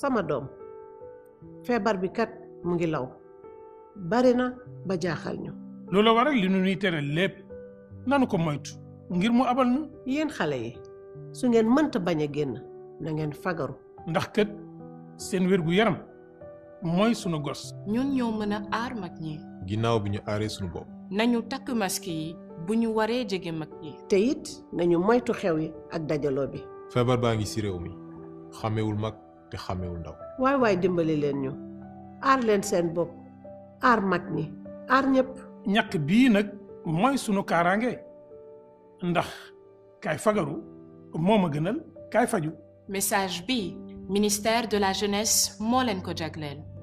sama doom feebar bi kat mu ngi law bari na ba jaaxal ñu. loolu waral li nu ñuy tere lépp nanu ko moytu ngir mu abal nu. yéen xale yi su ngeen mënta bañ a génn na fagaru. ndax kat seen wérgu yaram mooy sunu gos. ñun ñëw mën a aar mag ñi. ginnaaw bi ñu aaree sunu bopp. nañu takk maski yi bu ñu waree jege mag yi. te nañu moytu xew yi ak dajaloo bi. feebar baa ngi ci réew mi xamewul mag. te xamewul ndaw waay waay dimbali leen ñu aar leen seen bopp aar mag ñi aar ñëpp ñàkk bii nag mooy sunu kaaraange ndax kaay fagaru moo ma gënal kaay faju message bi ministère de la jeunesse moo leen ko jagleel